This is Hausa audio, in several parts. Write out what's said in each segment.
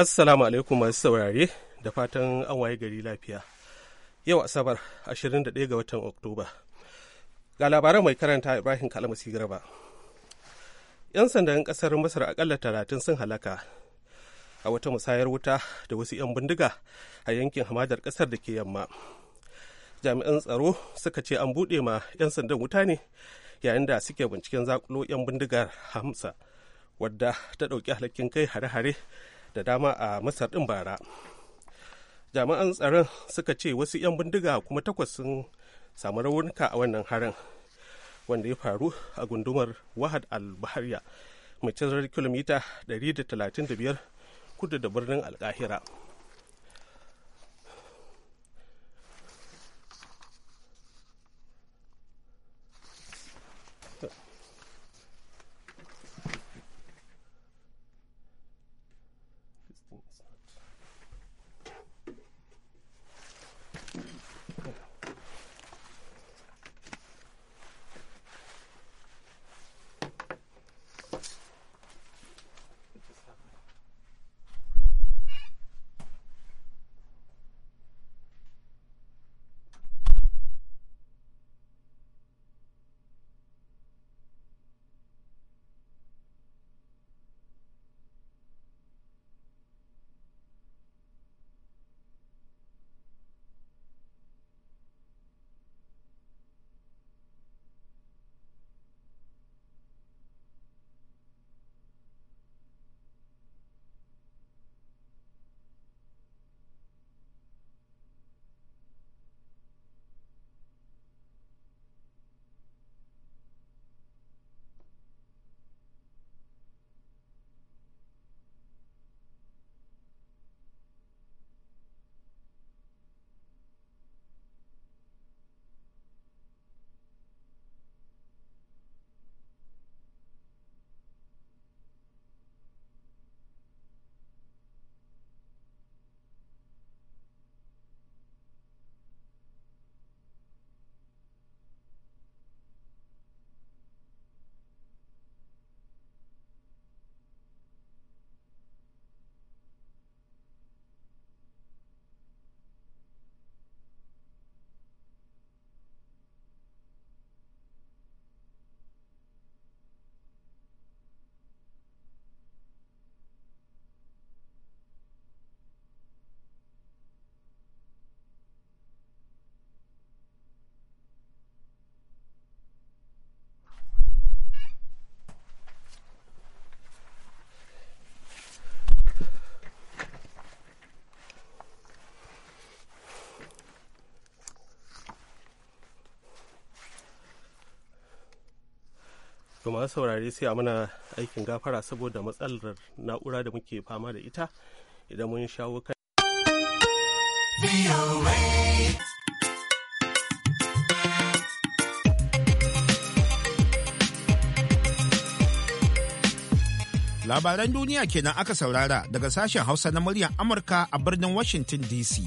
Assalamu alaikum masu saurare da fatan an waye gari lafiya. Yau Asabar 21 ga watan Oktoba. Ga labaran mai karanta Ibrahim Kalmasi Garba. 'Yan sandan kasar Masar akalla talatin sun halaka a wata musayar wuta da wasu 'yan bindiga a yankin hamadar kasar da ke yamma. Jami'an tsaro suka ce an buɗe ma 'yan sandan wuta ne yayin da suke binciken zakulo 'yan bindigar Hamsa wadda ta ɗauki halakin kai hare-hare da dama a masar ɗin bara jami'an tsaron suka ce wasu 'yan bindiga kuma takwas sun samu raunuka a wannan harin wanda ya faru a gundumar wahad al-bahariya mai kilomita 135 kudu da birnin alkahira to masu saurare sai a mana aikin gafara saboda matsalar na'ura da muke fama da ita idan mun shawo kan Labaran duniya kenan aka saurara daga sashen Hausa na muryar Amurka a birnin Washington DC.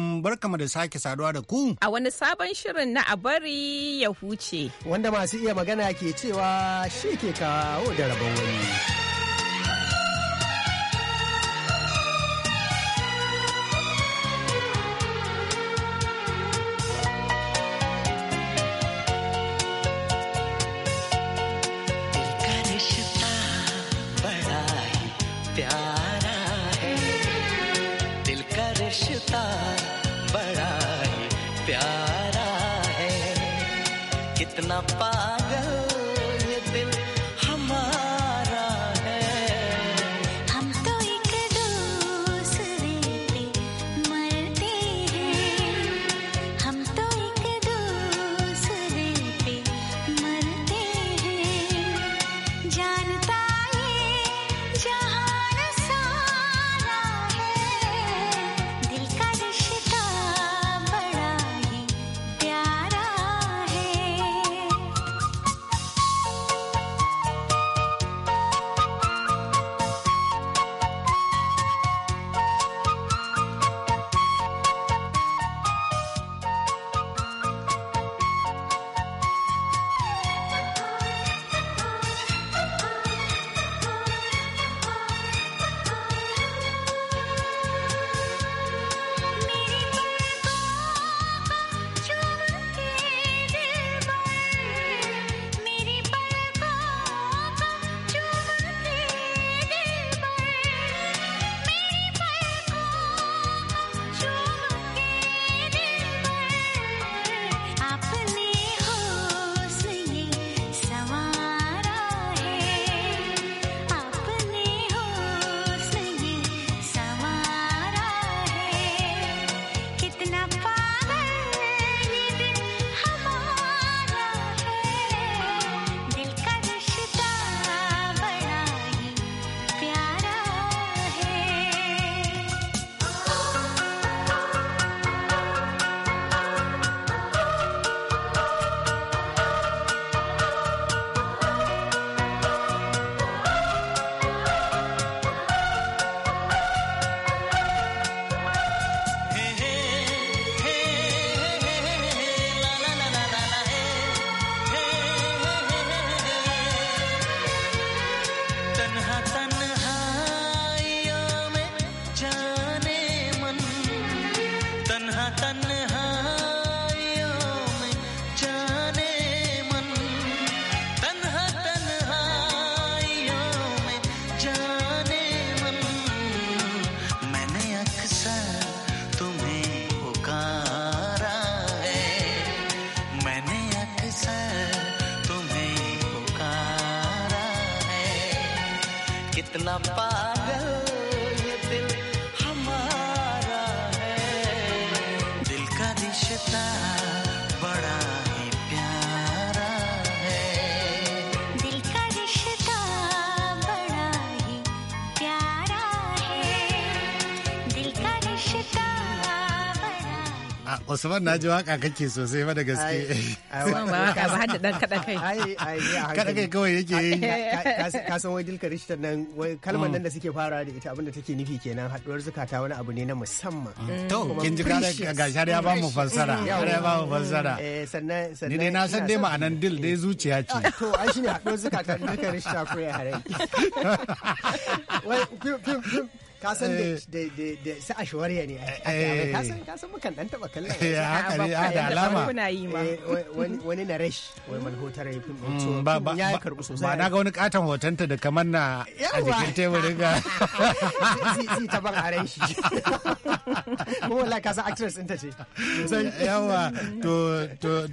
barkama da sake saduwa da ku. A wani sabon shirin na a bari ya huce. Wanda masu iya magana ke cewa shi ke kawo da rabon wani. Usman na ji waka kake sosai ba da gaske. ba ba hada dan kada kai. Kada kai kawai yake yi. Ka san wai dilka rishtar nan wai kalmar mm. nan da suke fara da ita abinda take nufi kenan haduwar zukata wani abu ne na musamman. Mm. To kin ji ga ga shar ya ba mu fassara. Har ya ba mu fassara. Mm. Eh, sannan sannan. Ni dai na san dai ma'anan dil dai zuciya ce. Ah, to ai shine haduwar zukata dilka rishta ko ya harai. Wai ka san eh. da sa a shawariya ne eh. ka san ka san mukan dan taba kallon ya haka ne a ah, da alama kuna yi ma eh, wani na rash wai malhotar ya fi mutu mm, ya karbu sosai ba na ga wani katon hotonta da kamar na a jikin teburin ga zai ta ban a shi kuma wallahi ka san actress ɗinta ce yawa to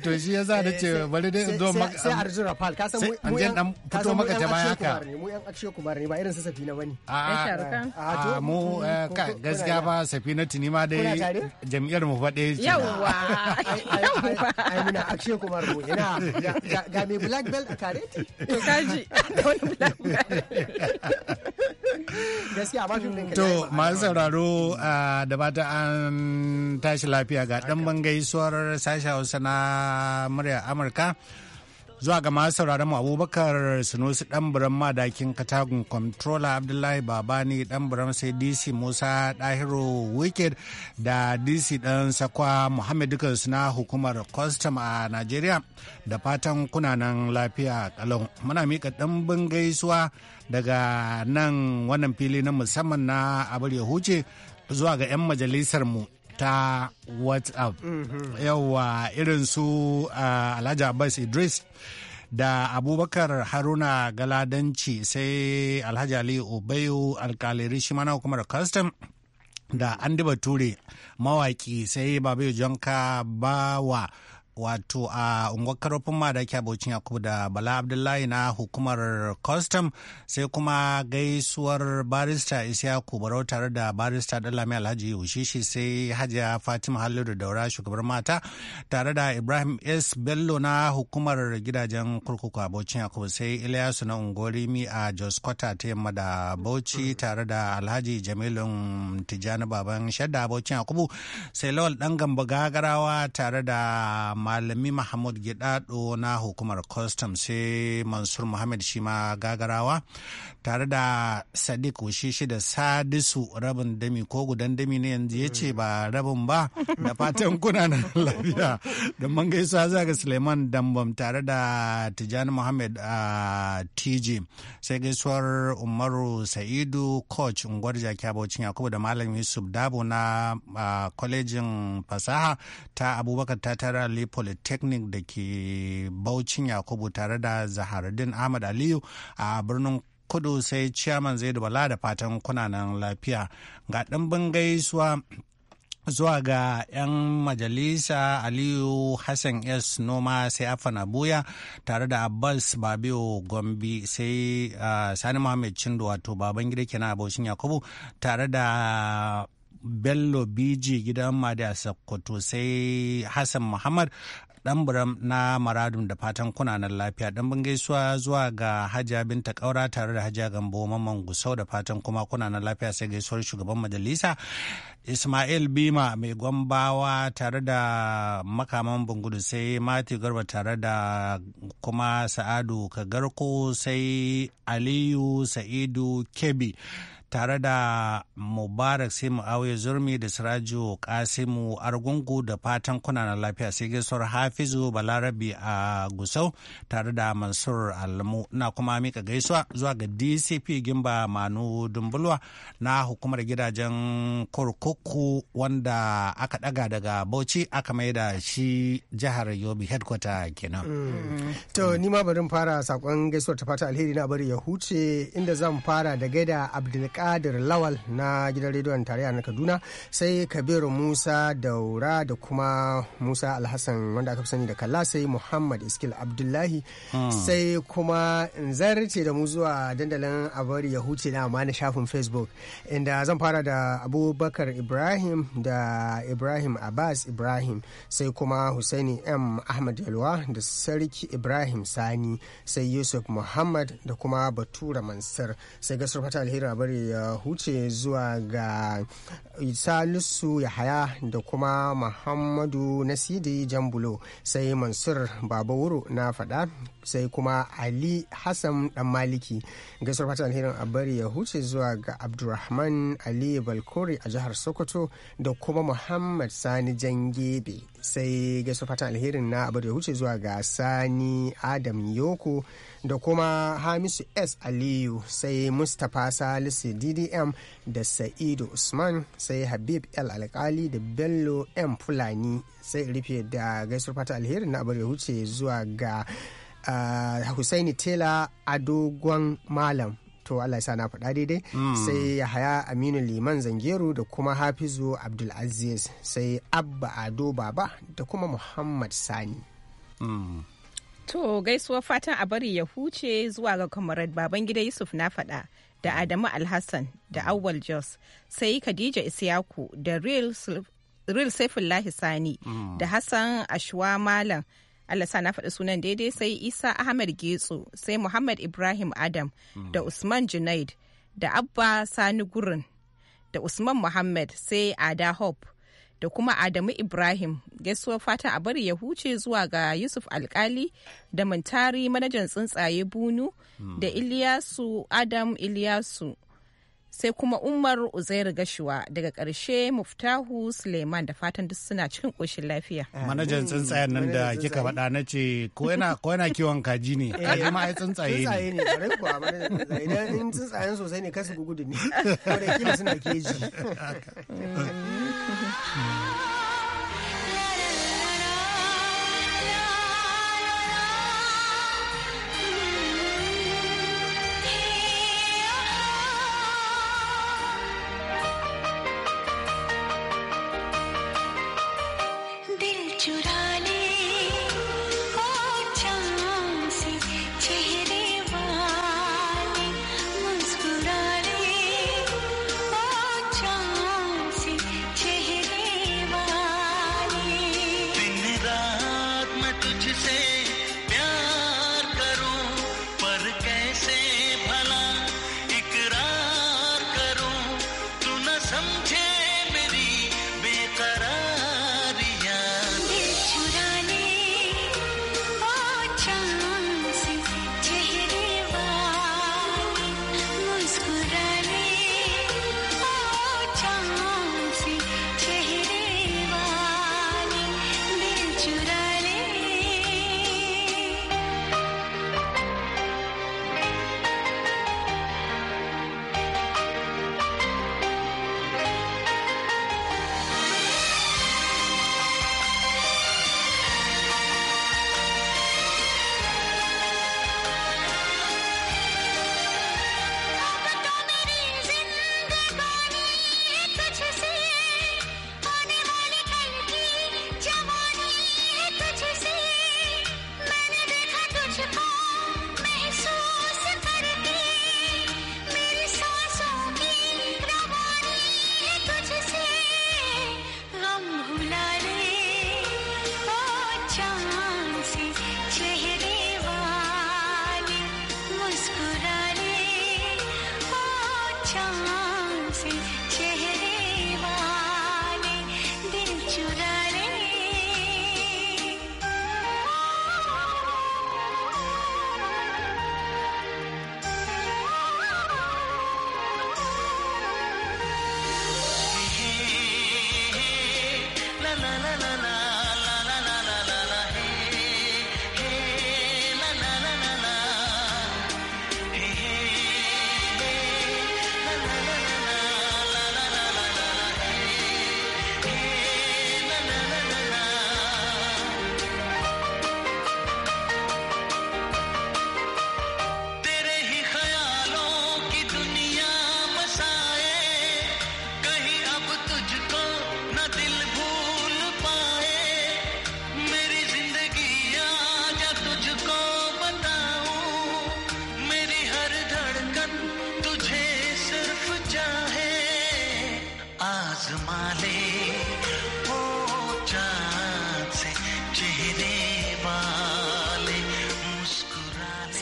to shi yasa da ce bari dai zo maka sai Arjun Rafal ka san mu yan fito maka jama'a haka mu yan akshe kumar ne ba irin su na bane a a to ah, ba mu eh, gaskiya ba safina tuni ma dai jam'iyyar mu faɗe ce yawa ai muna akshe kumar mu ina ga me black belt a tare to kaji da wani black belt gaskiya ba shi to masu sauraro da bata an tashi lafiya ga dan bangaisuwar sashen Hausa na murya Amurka zuwa ga masu sauraron mu abubakar sunusi ɗanburan madakin katagun controller abdullahi babani ɗanburan sai dc musa ɗahiro wicked da dc ɗan sakwa muhammad dukansu na hukumar custom a nigeria da fatan kuna nan lafiya kalau muna mika ɗanbin gaisuwa daga nan wannan fili na musamman na abar huce zuwa ga 'yan majalisar mu ta whatsapp yawa irin su alhaji abbas idris da abubakar haruna galadanci sai alhaji ali obayo alkalari shi mana hukumar custom da andi bature mawaki sai babayo jonka bawa wato a unguwar karfin a baucin yakubu da bala abdullahi na hukumar custom sai kuma gaisuwar barista isyaku barau tare da barista dalami alhaji ushishi sai hajiya fatima da daura shugabar mata tare da ibrahim s bello na hukumar gidajen kurkuku abocin yakubu sai ilyasu na ungorimi a jos kwata ta yamma da bauchi tare da alhaji jamilun tijjani baban shadda baucin yakubu sai lawal dan gamba tare da malami mahmud gidado na hukumar custom sai mansur muhammad shi ma gagarawa tare da sadiq shi da sadisu rabin dami ko gudan dami ne yanzu ya ce ba rabin ba da fatan kuna na lafiya da man gaisuwa zaga suleiman dambam tare da tijani muhammad a tj sai gaisuwar umaru sa'idu coach Ungwar jakiya Bauchi yakubu da malam yusuf dabo na kwalejin fasaha ta abubakar ta tara lipo polytechnic da ke baucin yakubu tare da zaharuddin ahmad aliyu a birnin kudu sai ciyaman zai bala da fatan kunanan lafiya ga ɗimbin gaisuwa zuwa ga 'yan majalisa aliyu hassan s noma sai afana buya tare da abbas babio gombi sai ah, sani muhammad cindo wato baban gida kenan abocin yakubu tare da bello biji gidan a sakkwato sai hassan muhammad dan buram na maradun da fatan kuna kunanan lafiya dan bin gaisuwa zuwa ga hajiya binta kaura tare da hajiya gambo mamman gusau da fatan kuma kuna nan lafiya sai gaisuwar shugaban majalisa ismail bima mai gwambawa tare da makaman bungudu sai mati garba tare da kuma sa'adu kagarko sai aliyu sa'idu kebi tare da mubarak sai auye zurmi da sirajo kasimu argungu da fatan kuna na lafiya sai gaisuwar hafizu balarabi a gusau tare da mansur alamu na kuma mika gaisuwa zuwa ga dcp gimba manu dumbulwa na hukumar gidajen kurkuku wanda aka daga daga bauchi aka mai da shi jihar yobe headquarter kenan mm. to ni ma bari fara sakon gaisuwar ta fata alheri na bari ya huce inda zan fara da gaida abdul kadir Lawal na gidan rediyon tarayya na Kaduna sai Kabiru Musa Daura da kuma Musa Alhassan wanda aka sani da Kalla sai Muhammad Iskil Abdullahi hmm. sai kuma in zarce da mu zuwa dandalin abari ya huce na amma na shafin Facebook inda zan fara da Abubakar Ibrahim da Ibrahim Abbas Ibrahim sai kuma Husaini M Ahmad Yalwa da Sarki Ibrahim Sani sai Yusuf Muhammad da kuma Batura Mansur sai gasar fata alheri bari ya huce zuwa ga salisu yahaya da kuma muhammadu nasidi jambulo sai mansur babawuru na fada sai kuma ali hassan dan maliki gaisuwar fata alherin a bari ya huce zuwa ga abdurrahman ali balkori a jihar sokoto da kuma muhammad sani jangebe sai gaisu fatan alherin na abu da wuce zuwa ga sani adam yoko da kuma hamisu s aliyu sai mustapha salisu ddm da sa'idu usman sai habib l alkali da bello m fulani sai rufe da gaisu fata alherin na abu da wuce zuwa ga uh, husaini tela adogon malam to Allah ya sa na faɗa daidai mm. sai Yahaya Aminu Liman Zangeru da kuma Hafizu Abdul Aziz sai Abba Ado Baba da kuma Muhammad Sani. Mm. To gaisuwar fatan a bari ya huce zuwa ga kamarad gida Yusuf na faɗa da mm. Adamu Alhassan da Awal Jos sai Khadija Isiyaku da Real Saifullahi Sani da Hassan Ashwa Malam Allah sa na faɗi sunan daidai sai Isa Ahmed Getso sai Muhammad Ibrahim Adam mm. da Usman Junaid da Abba Sani Gurin da Usman Muhammad sai Ada Hope da kuma Adamu Ibrahim gaisuwa fata a bari ya huce zuwa ga Yusuf Alkali da Mantari manajan tsuntsaye Bunu mm. da Iliyasu Adam Iliyasu sai kuma umar uzair gashuwa daga karshe muftahu suleiman da fatan duk suna cikin ƙoshin lafiya manajan tsuntsayen nan da kika faɗa na ce ko yana kiwon kaji ne eh. kaji ma ai tsuntsaye ne in tsuntsayen sosai ne kasu gudu ne kila suna keji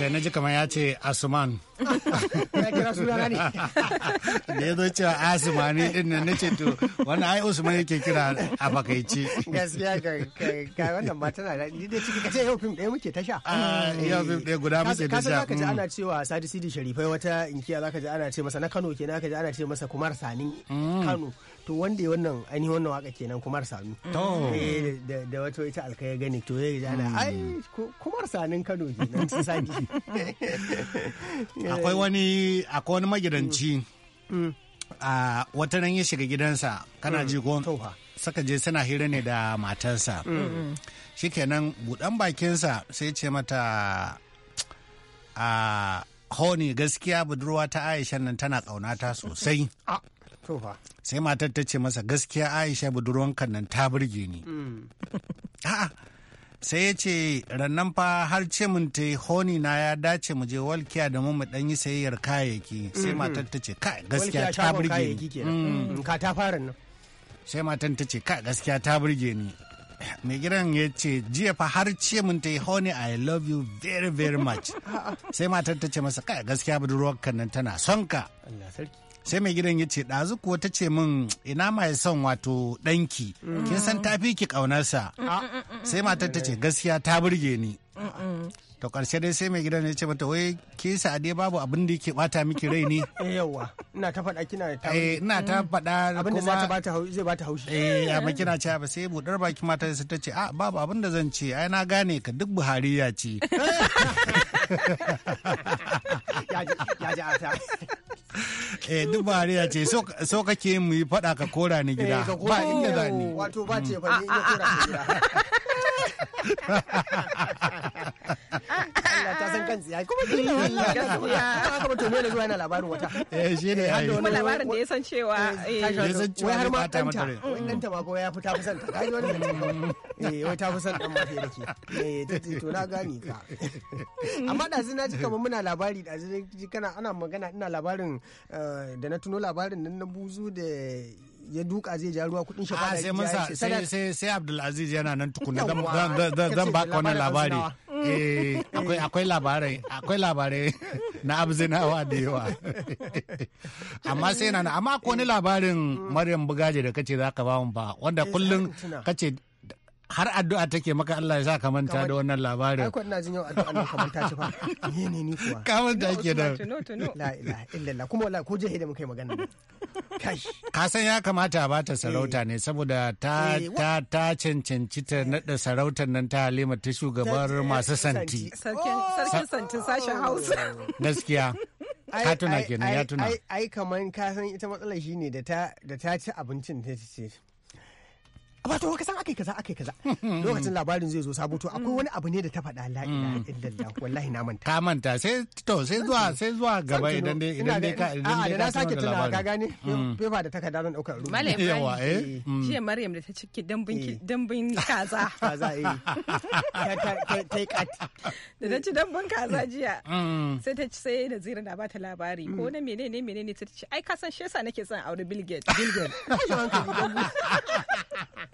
sai na ji kamar ya ce asuman ya kira sunana da ya zo cewa asumani din nan nace to wannan ai usman yake kira a bakaici gaskiya ga wannan ba tana da ni dai ciki kace yau fim ɗaya muke tasha ah, yau fim ɗaya guda muke tasha ka ji mm. ana cewa Sadi Sidi Sharifai wata inkiya zaka ji ana ce masa na Kano kenan zaka ji ana ce masa Kumar Sani mm. Kano to wanda ya wannan ainihin wannan waka kenan kumar sanu eh, da wato ita alkaya gani to ya gana ai kumar sanin kano kenan su sani akwai wani akwai wani magidanci mm. a wata nan ya shiga gidansa kana mm. ji ko saka je suna hira ne da matarsa mm. shikenan budan bakinsa sai ce mata a honi gaskiya budurwa ta aisha nan tana kaunata sosai ah. sai matar ta ce masa gaskiya aisha budurwan nan ta burge ni mm. a'a sai ya ce rannan fa har ce mun ta honi na ya dace mu je walkiya da mu mu dan yi sayayyar kayayyaki sai mhm. matar ta ce kai gaskiya ta burge ni ka ta fara nan sai matar ta ce kai gaskiya ta burge ni mai gidan ya ce jiya fa har ce mun ta yi honey i love you very very much sai matar ta ce masa kai gaskiya budurwar nan tana son ka sai mai gidan ya ce ɗazu kuwa ta ce min ina mai son wato ɗanki kin san tafi ki ƙaunarsa sai matar ta ce gaskiya ta burge ni to ƙarshe dai sai mai gidan ya ce mata wai ke sa dai babu abin da yake bata miki rai ne eh yawa ina ta faɗa kina ta yi. Eh, ina ta mm. faɗa abin da zai bata zai bata haushi eh amma kina ce ba sai budar baki mata sai ta ce a babu abin da zan ce ai na gane ka duk buhariya ce ya ji ya ji eh duk ba ce so kake mu yi fada ka kora ni gida eh, ba inda za ni wato ba ce ba mm. ni kora ni gida Allah ta san kansu ya kuma ya kuma zuwa yana labarin wata eh shi ne kuma labarin da ya san cewa eh, eh, ya san cewa har ma mm. ko ya fita fusan wannan eh wai ta fusan dan mafi eh to na gani ka amma da zina ji kamar muna labari da zina ji kana ana magana ina labarin Eh, da na tuno labarin nan na buzu da ya duka zai ja ruwa kudin shafa da ya ah, sai sai sai Abdulaziz yana nan tukuna zan baka wannan labari eh akwai labarai akwai labarai na abzinawa da yawa amma sai na amma akwai wani labarin Maryam Bugaje da kace zaka ba mu ba wanda eh, kullun kace har addu'a take maka Allah ya sa ka manta da wannan labarin. Ai na jin yau addu'a ne ka manta shi fa. Ni ne ni kuwa. Ka manta ke da. La ilaha illallah kuma wallahi ko je da muka yi magana. Ka san ya kamata a bata eh. sarauta ne saboda ta eh, ta ta cancanci ta eh. nada sarautar nan ta Halima ta shugabar masu santi. Sarkin santin sashen Hausa. Gaskiya. ka tuna kenan ya tuna. Ai kaman ka san ita matsalar shine da ta da ta ci abincin ta ce. wato ka san akai kaza akai kaza lokacin labarin zai zo sabo to akwai wani abu ne da ta faɗa la ilaha mm. illallah wallahi na manta ka manta sai to sai zuwa sai zuwa gaba idan dai idan dai ka idan dai ka sake tuna ga gane fefa mm. da takarda don daukar ruwa malam yawa eh shi eh, mm. maryam da ta cike dambin eh. dambin kaza kaza eh ta ta kat da ta ci dambin kaza jiya sai ta ci sai da zira na bata labari ko na menene menene ta ci ai ka san shi yasa nake son aure bilget bilget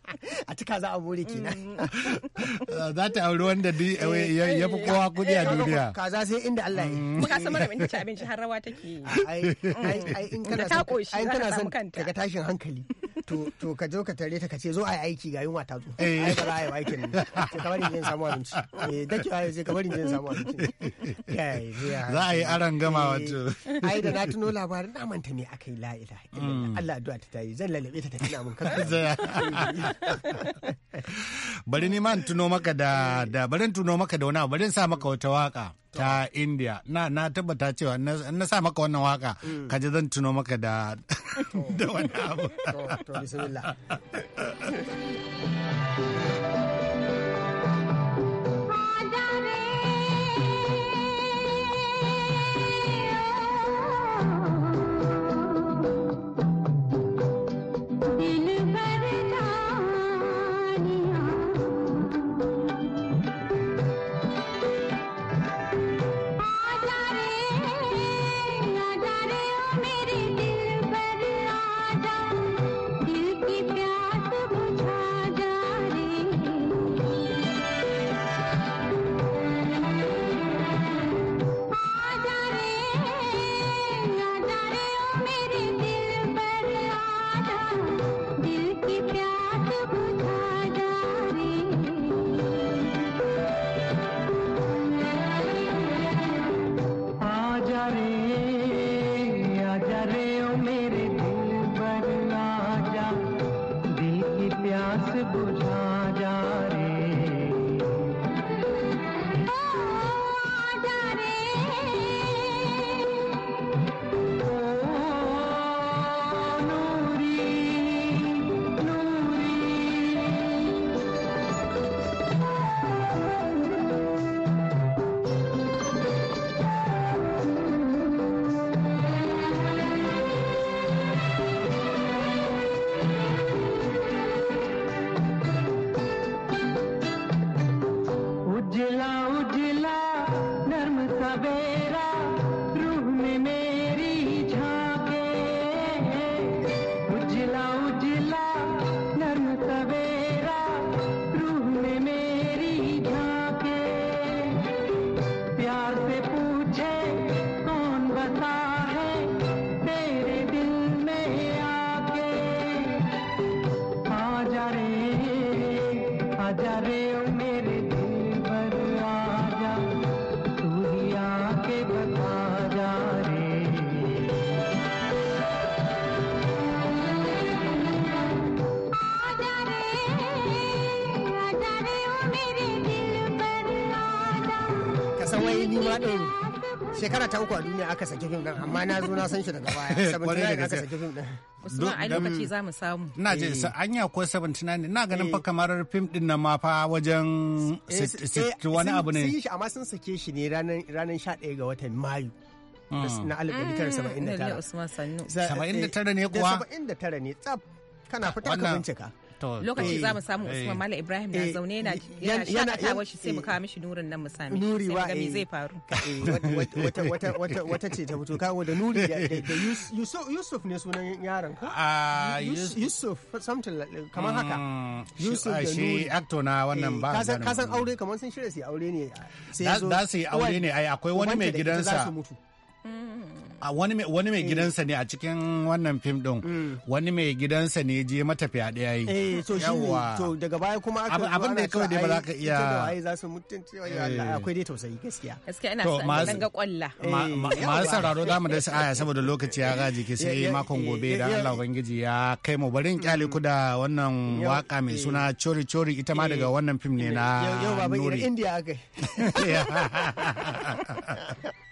a cika za a more kenan mm. za ta auri wanda eh, ya fi kowa kudi a eh, eh, duniya kaza sai inda Allah ya yi mm. ka san mara ci abinci har rawa take yi ai in kana son ta ga tashin hankali to ka zo ka tare ta ka ce zo a aiki ga yunwa ta zo eh. ai ba za a yi aikin ne sai ka bari jin samu abinci eh dake ai sai ka bari jin samu abinci za a yi aran gama wato eh, ai da na tuno labarin na manta ne akai la ilaha mm. Allah addu'a ta tayi zan lalabe ta ta tuna mun kanka bari ni man tuno maka da da bari tuno maka da wani abu bari sa maka wata waka ta india na na tabbata cewa na sa maka wannan waka mm. ka ji zan tuno maka da wani abu to bismillah shekara ta uku a duniya aka saki fim din amma na zo na san shi daga baya 79 aka saki fim din Usman ai lokaci za samu. Ina je eh. anya ko 79 ina ganin fa eh. kamar fim din na ma fa wajen eh, wani abu ne. Sun yi shi amma sun sake shi ne ranar 11 ga watan Mayu. Hmm. na alif 79 79 mm, ne kuwa? 79 ne tsaf kana fita ka bincika. lokaci eh, za mu samu Usman eh, mala Ibrahim na eh, zaune yana shakatawar shi sai mu kawo mishi nurin nan mu sami nuri wa gami zai faru wata ce ta fito kawo da nuri da Yusuf ne sunan yaron ka ah, Yusuf something kamar haka mm, Yusuf da nuri actor na wannan ba ka san aure kamar sun shirya su aure ne sai zo da su aure ne ai akwai wani mai gidansa a wani mai wani mai eh. gidansa ne a cikin wannan fim din mm. wani mai gidansa ne je mata da yayi eh to shi ne to daga baya kuma aka abin da kawai dai ba za ka iya ai za su wai Allah eh. akwai dai tausayi gaskiya gaskiya ina nan ga kwalla eh, ma sauraro zamu da aya saboda lokaci ya gaji ke sai makon gobe da Allah ubangiji ya kai mu barin kyale ku da wannan mm. waka mai suna chori chori ita ma daga wannan fim ne na yau baba India aka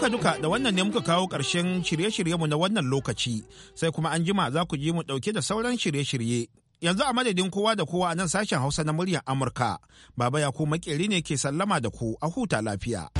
Duka-duka da wannan ne muka kawo ƙarshen shirye-shiryenmu na wannan lokaci, sai kuma an jima za ku ji mu ɗauke da sauran shirye-shirye. Yanzu a madadin kowa da kowa a nan sashen Hausa na muryar Amurka, Baba Yakubu Makeri ne ke sallama da ku a huta lafiya.